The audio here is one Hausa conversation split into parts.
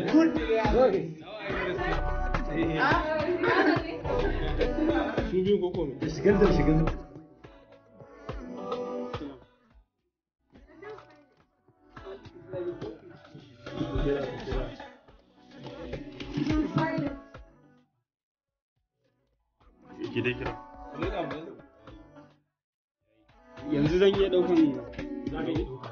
맞아요. 둘. 수빈 고고. 시간들 시간들. Gidai kira. Yanzu zan iya ɗaukan zagaye.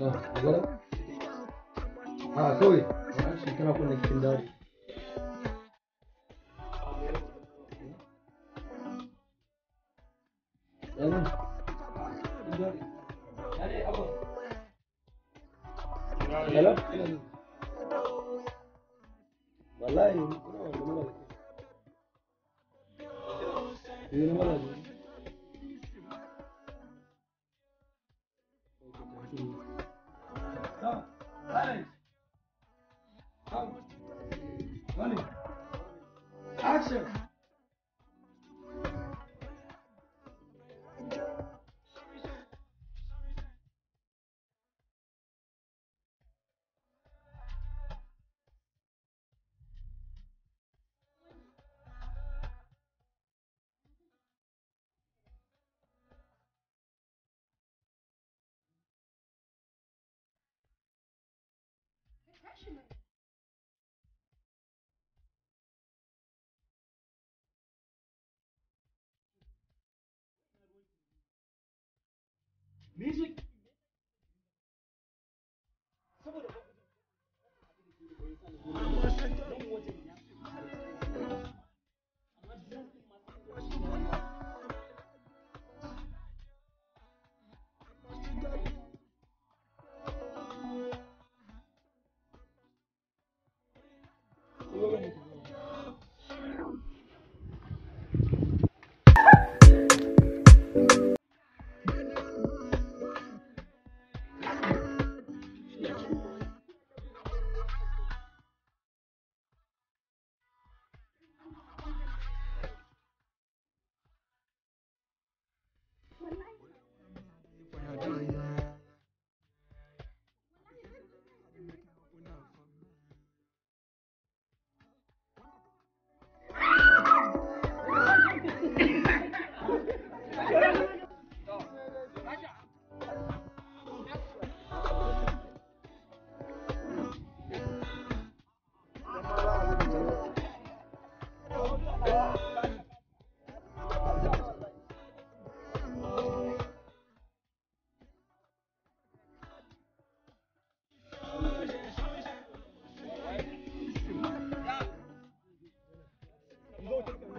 Ah, kawai shi tana kunna cikin dari. Yanin, Hello? Wallahi, kuna wanda mana da ke. Yi na mana da Silence Music Go t